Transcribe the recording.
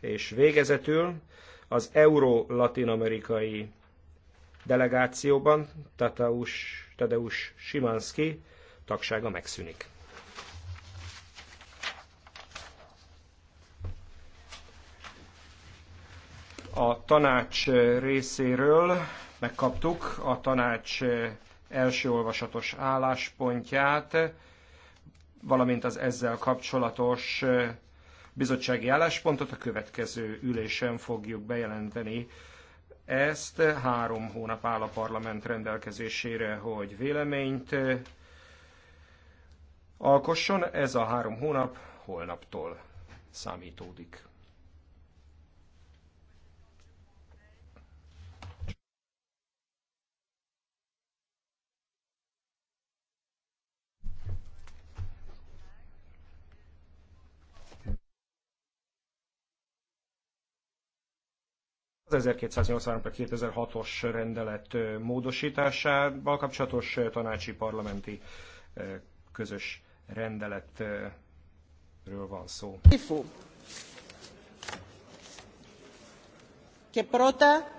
És végezetül az Euró-Latin-amerikai delegációban Tadeusz, Tadeusz Simanski tagsága megszűnik. A tanács részéről megkaptuk a tanács első olvasatos álláspontját, valamint az ezzel kapcsolatos bizottsági álláspontot a következő ülésen fogjuk bejelenteni. Ezt három hónap áll a parlament rendelkezésére, hogy véleményt eh, alkosson. Ez a három hónap holnaptól számítódik. az 1283 2006-os rendelet módosításával kapcsolatos tanácsi parlamenti közös rendeletről van szó. Και πρώτα